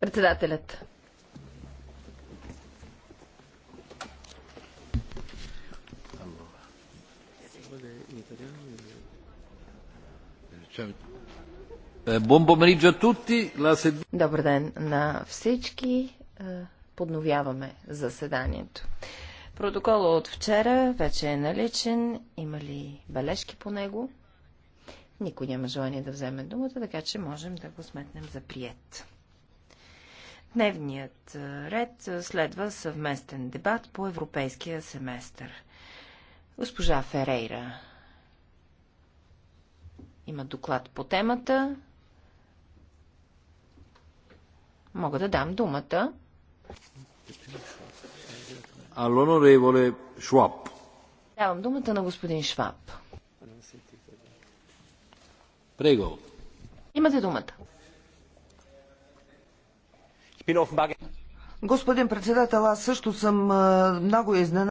Председателят. Добър ден на всички. Е, подновяваме заседанието. Протокола от вчера вече е наличен. Има ли бележки по него? Никой няма желание да вземе думата, така че можем да го сметнем за прият. Дневният ред следва съвместен дебат по европейския семестър. Госпожа Ферейра има доклад по темата. Мога да дам думата. Алонореволе Шваб. Давам думата на господин Шваб. Прего. Имате думата. Господин председател, аз също съм много изненадан